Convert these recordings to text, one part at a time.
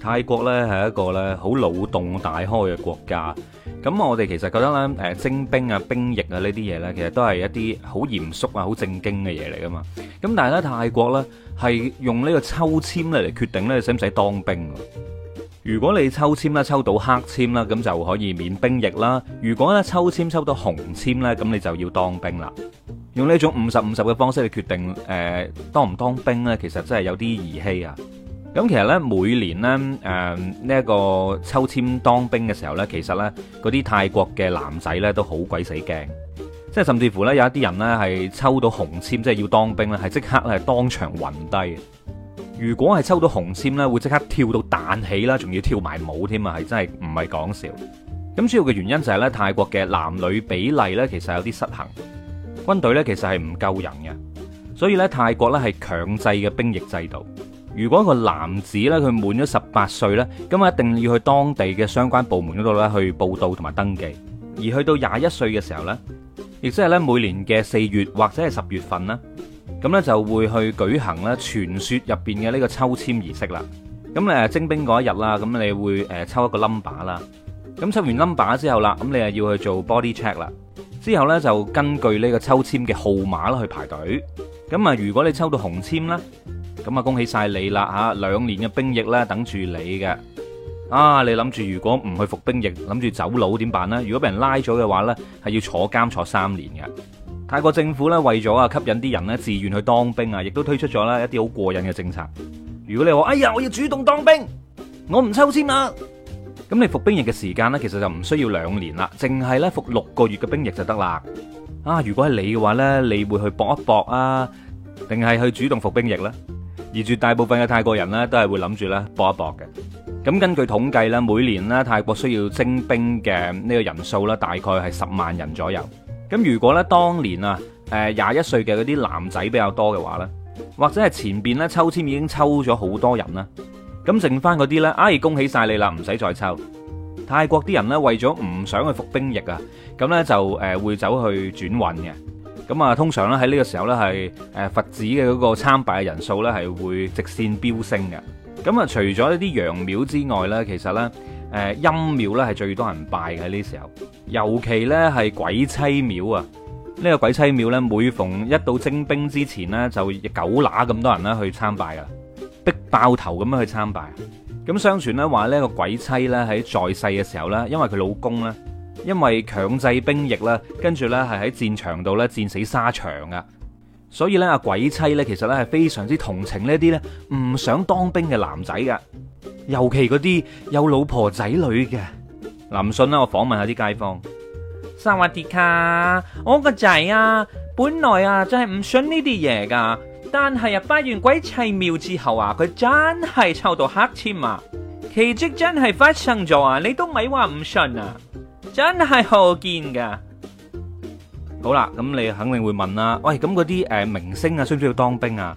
泰國咧係一個咧好腦洞大開嘅國家，咁我哋其實覺得咧，誒徵兵啊、兵役啊呢啲嘢呢，其實都係一啲好嚴肅啊、好正經嘅嘢嚟㗎嘛。咁但係咧，泰國呢，係用個簽呢個抽籤咧嚟決定咧使唔使當兵。如果你抽籤咧抽到黑籤啦，咁就可以免兵役啦。如果咧抽籤抽到紅籤呢，咁你就要當兵啦。用呢種五十五十嘅方式嚟決定誒、呃、當唔當兵呢，其實真係有啲兒戲啊！咁其實呢，每年呢，誒呢一個抽籤當兵嘅時候呢，其實呢，嗰啲泰國嘅男仔呢都好鬼死驚，即係甚至乎呢，有一啲人呢係抽到紅籤，即係要當兵呢係即刻呢當場暈低。如果係抽到紅籤呢，會即刻跳到彈起啦，仲要跳埋舞添啊，係真係唔係講笑。咁主要嘅原因就係呢，泰國嘅男女比例呢其實有啲失衡，軍隊呢其實係唔夠人嘅，所以呢，泰國呢係強制嘅兵役制度。如果一個男子咧，佢滿咗十八歲咧，咁啊一定要去當地嘅相關部門嗰度咧去報到同埋登記。而去到廿一歲嘅時候咧，亦即係咧每年嘅四月或者係十月份啦，咁咧就會去舉行咧傳說入邊嘅呢個抽簽儀式啦。咁誒徵兵嗰一日啦，咁你會誒抽一個 number 啦。咁抽完 number 之後啦，咁你啊要去做 body check 啦。之後咧就根據呢個抽簽嘅號碼啦去排隊。咁啊，如果你抽到紅簽咧？咁啊！恭喜晒你啦吓，兩年嘅兵役咧等住你嘅啊。你諗住如果唔去服兵役，諗住走佬點辦呢？如果俾人拉咗嘅話呢，係要坐監坐三年嘅。泰國政府咧為咗啊吸引啲人呢，自願去當兵啊，亦都推出咗呢一啲好過癮嘅政策。如果你話哎呀，我要主動當兵，我唔抽籤啦。咁你服兵役嘅時間呢，其實就唔需要兩年啦，淨係呢服六個月嘅兵役就得啦。啊，如果係你嘅話呢，你會去搏一搏啊，定係去主動服兵役呢？而絕大部分嘅泰國人咧，都係會諗住咧搏一搏嘅。咁根據統計咧，每年咧泰國需要徵兵嘅呢個人數咧，大概係十萬人左右。咁如果咧當年啊，誒廿一歲嘅嗰啲男仔比較多嘅話咧，或者係前邊咧抽籤已經抽咗好多人啦，咁剩翻嗰啲呢，啊、哎、恭喜晒你啦，唔使再抽。泰國啲人咧為咗唔想去服兵役啊，咁呢就誒、呃、會走去轉運嘅。咁啊，通常咧喺呢個時候呢，係誒佛寺嘅嗰個參拜嘅人數呢，係會直線飆升嘅。咁啊，除咗呢啲陽廟之外呢，其實呢，誒陰廟呢係最多人拜嘅喺呢個時候，尤其呢，係鬼妻廟啊！呢、這個鬼妻廟呢，每逢一到徵兵之前呢，就狗乸咁多人咧去參拜噶啦，逼爆頭咁樣去參拜。咁相傳呢話呢個鬼妻呢，喺在世嘅時候呢，因為佢老公呢。因為強制兵役啦，跟住咧係喺戰場度咧戰死沙場啊，所以咧阿鬼妻咧其實咧係非常之同情呢啲咧唔想當兵嘅男仔噶，尤其嗰啲有老婆仔女嘅。林信啦，我訪問下啲街坊。薩瓦迪卡，我個仔啊，本來啊真係唔信呢啲嘢噶，但係啊拜完鬼妻廟之後啊，佢真係抽到黑簽啊，奇跡真係發生咗啊，你都咪話唔信啊！真係何見噶？好啦，咁你肯定會問啦。喂，咁嗰啲誒明星啊，需唔需要當兵啊？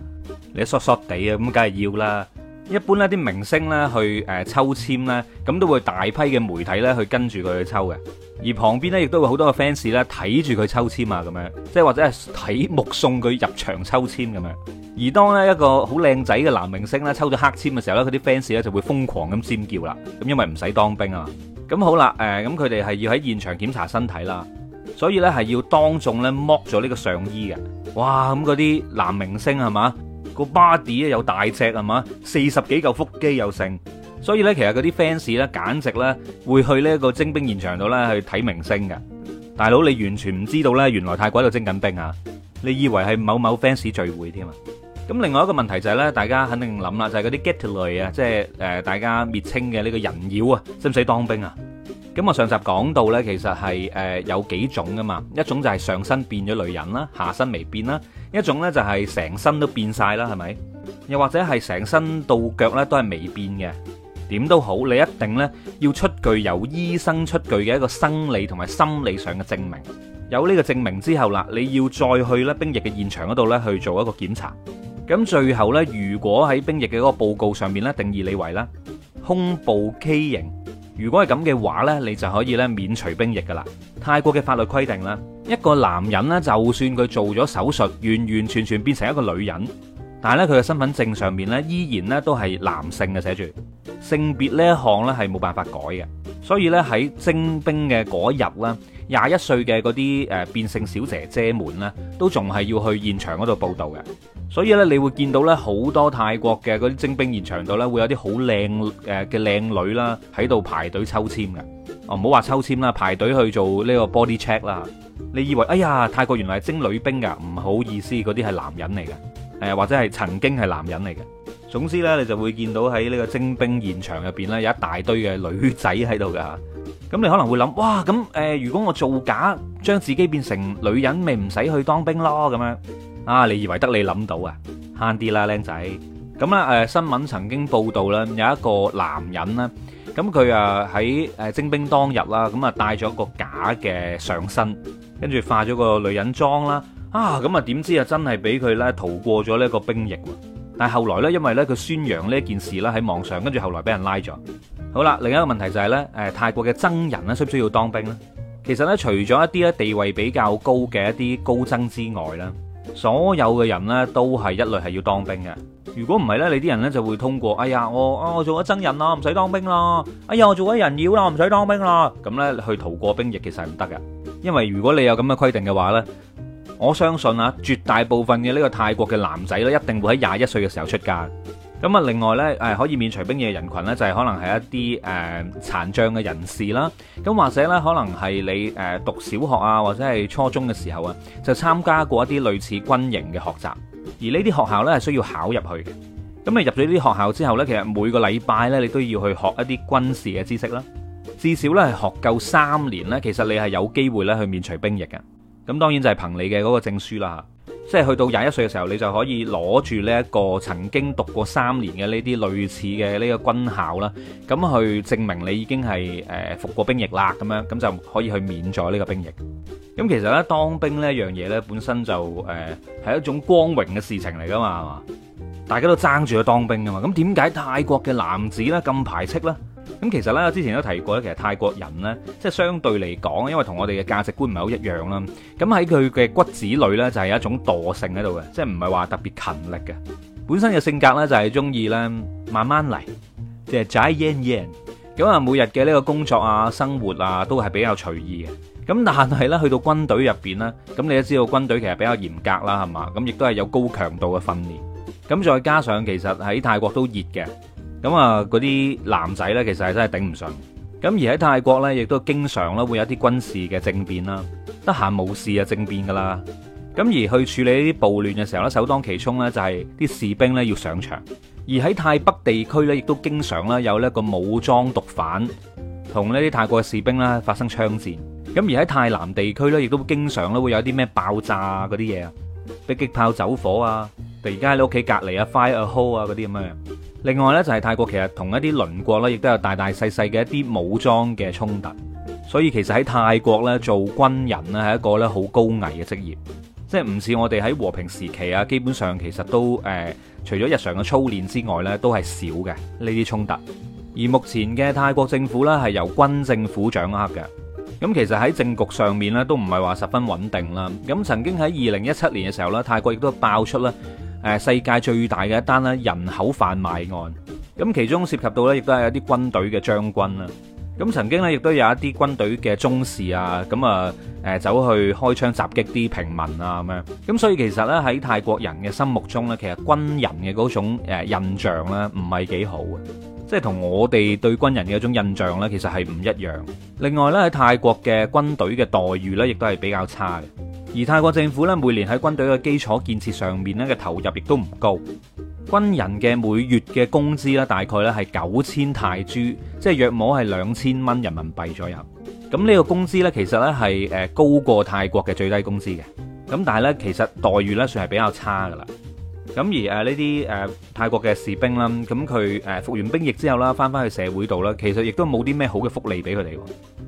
你索索地啊，咁梗係要啦。一般呢啲明星呢，去誒、呃、抽籤呢，咁都會大批嘅媒體呢去跟住佢去抽嘅。而旁邊呢亦都會好多個 fans 呢睇住佢抽籤啊，咁樣，即係或者係睇目送佢入場抽籤咁樣。而當呢一個好靚仔嘅男明星呢，抽到黑籤嘅時候呢，佢啲 fans 呢就會瘋狂咁尖叫啦。咁因為唔使當兵啊。咁好啦，誒、呃，咁佢哋係要喺現場檢查身體啦，所以呢係要當眾呢剝咗呢個上衣嘅，哇，咁嗰啲男明星係嘛，個 body 又大隻係嘛，四十幾嚿腹肌又剩。所以呢，其實嗰啲 fans 呢，簡直呢會去呢個徵兵現場度呢去睇明星嘅。大佬，你完全唔知道呢，原來泰國喺度徵緊兵啊，你以為係某某 fans 聚會添啊！。咁另外一個問題就係咧，大家肯定諗啦，就係嗰啲 get 類啊，即係大家滅清嘅呢個人妖啊，使唔使當兵啊？咁我上集講到呢，其實係誒有幾種㗎嘛，一種就係上身變咗女人啦，下身未變啦；一種呢就係成身都變晒啦，係咪？又或者係成身到腳呢都係未變嘅，點都好，你一定呢要出具由醫生出具嘅一個生理同埋心理上嘅證明。有呢個證明之後啦，你要再去呢兵役嘅現場嗰度呢去做一個檢查。咁最後咧，如果喺兵役嘅嗰個報告上面咧，定義你為啦胸部畸形，如果係咁嘅話咧，你就可以咧免除兵役噶啦。泰國嘅法律規定啦，一個男人咧，就算佢做咗手術，完完全全變成一個女人，但係咧佢嘅身份證上面咧，依然咧都係男性嘅。寫住性別呢一項咧，係冇辦法改嘅。所以咧喺徵兵嘅嗰一日咧。廿一歲嘅嗰啲誒變性小姐姐們咧，都仲係要去現場嗰度報道嘅。所以咧，你會見到咧好多泰國嘅嗰啲徵兵現場度咧，會有啲好靚誒嘅靚女啦喺度排隊抽籤嘅。哦，唔好話抽籤啦，排隊去做呢個 body check 啦。你以為哎呀，泰國原來係徵女兵㗎？唔好意思，嗰啲係男人嚟嘅，誒、呃、或者係曾經係男人嚟嘅。總之咧，你就會見到喺呢個徵兵現場入邊咧，有一大堆嘅女仔喺度噶。咁你可能會諗，哇！咁誒，如果我造假，將自己變成女人，咪唔使去當兵咯咁樣。啊，你以為得你諗到啊？慳啲啦，靚仔。咁啦，誒新聞曾經報道啦，有一個男人咧，咁佢啊喺誒徵兵當日啦，咁啊帶咗個假嘅上身，跟住化咗個女人妝啦。啊，咁啊點知啊真係俾佢咧逃過咗呢一個兵役。但係後來咧，因為咧佢宣揚呢件事啦喺網上，跟住後來俾人拉咗。好啦，另一個問題就係咧，誒，泰國嘅僧人咧需唔需要當兵咧？其實咧，除咗一啲咧地位比較高嘅一啲高僧之外咧，所有嘅人咧都係一類係要當兵嘅。如果唔係咧，你啲人咧就會通過，哎呀，我啊我做咗僧人啦，唔使當兵啦，哎呀，我做咗人、哎、人妖啦，唔使當兵啦。咁咧去逃過兵役其實係唔得嘅，因為如果你有咁嘅規定嘅話咧。我相信啊，絕大部分嘅呢個泰國嘅男仔咧，一定會喺廿一歲嘅時候出家。咁啊，另外咧，誒可以免除兵役嘅人群咧，就係、是、可能係一啲誒、呃、殘障嘅人士啦。咁或者咧，可能係你誒、呃、讀小學啊，或者係初中嘅時候啊，就參加過一啲類似軍營嘅學習。而呢啲學校呢，係需要考去入去嘅。咁啊，入咗呢啲學校之後呢，其實每個禮拜呢，你都要去學一啲軍事嘅知識啦。至少呢係學夠三年呢，其實你係有機會咧去免除兵役嘅。咁當然就係憑你嘅嗰個證書啦，即係去到廿一歲嘅時候，你就可以攞住呢一個曾經讀過三年嘅呢啲類似嘅呢個軍校啦，咁去證明你已經係誒、呃、服過兵役啦，咁樣咁就可以去免咗呢個兵役。咁、嗯、其實呢，當兵呢一樣嘢呢本身就誒係、呃、一種光榮嘅事情嚟噶嘛，大家都爭住去當兵噶嘛。咁點解泰國嘅男子呢咁排斥呢？咁其實呢，我之前都提過咧，其實泰國人呢，即係相對嚟講，因為同我哋嘅價值觀唔係好一樣啦。咁喺佢嘅骨子裏呢，就係有一種惰性喺度嘅，即係唔係話特別勤力嘅。本身嘅性格呢，就係中意呢，慢慢嚟，即係仔 yen yen。咁啊，每日嘅呢個工作啊、生活啊，都係比較隨意嘅。咁但係呢，去到軍隊入邊呢，咁你都知道軍隊其實比較嚴格啦，係嘛？咁亦都係有高強度嘅訓練。咁再加上其實喺泰國都熱嘅。咁啊，嗰啲男仔呢，其實係真係頂唔順。咁而喺泰國呢，亦都經常咧會有啲軍事嘅政變啦。得閒冇事啊，政變噶啦。咁而去處理呢啲暴亂嘅時候咧，首當其衝呢就係啲士兵呢要上場。而喺泰北地區呢，亦都經常呢有呢個武裝毒販同呢啲泰國士兵呢發生槍戰。咁而喺泰南地區呢，亦都經常咧會有啲咩爆炸嗰啲嘢啊，迫擊炮走火啊，突然間喺你屋企隔離啊 fire a hole 啊嗰啲咁嘅。另外呢，就係泰國其實同一啲鄰國呢亦都有大大細細嘅一啲武裝嘅衝突，所以其實喺泰國呢做軍人呢係一個呢好高危嘅職業，即係唔似我哋喺和平時期啊，基本上其實都誒、呃、除咗日常嘅操練之外呢都係少嘅呢啲衝突。而目前嘅泰國政府呢係由軍政府掌握嘅，咁其實喺政局上面呢都唔係話十分穩定啦。咁曾經喺二零一七年嘅時候呢，泰國亦都爆出啦。誒世界最大嘅一單咧人口販賣案，咁其中涉及到咧亦都係一啲軍隊嘅將軍啦，咁曾經咧亦都有一啲軍隊嘅中士啊，咁啊誒走去開槍襲擊啲平民啊咁樣，咁所以其實咧喺泰國人嘅心目中咧，其實軍人嘅嗰種誒印象咧唔係幾好嘅，即係同我哋對軍人嘅一種印象咧，其實係唔一樣。另外咧喺泰國嘅軍隊嘅待遇咧，亦都係比較差嘅。而泰國政府咧每年喺軍隊嘅基礎建設上面咧嘅投入亦都唔高，軍人嘅每月嘅工資咧大概咧係九千泰銖，即係約摸係兩千蚊人民幣左右。咁呢個工資咧其實咧係誒高過泰國嘅最低工資嘅。咁但係咧其實待遇咧算係比較差㗎喇。咁而誒呢啲誒泰國嘅士兵啦，咁佢誒服完兵役之後啦，翻翻去社會度啦，其實亦都冇啲咩好嘅福利俾佢哋。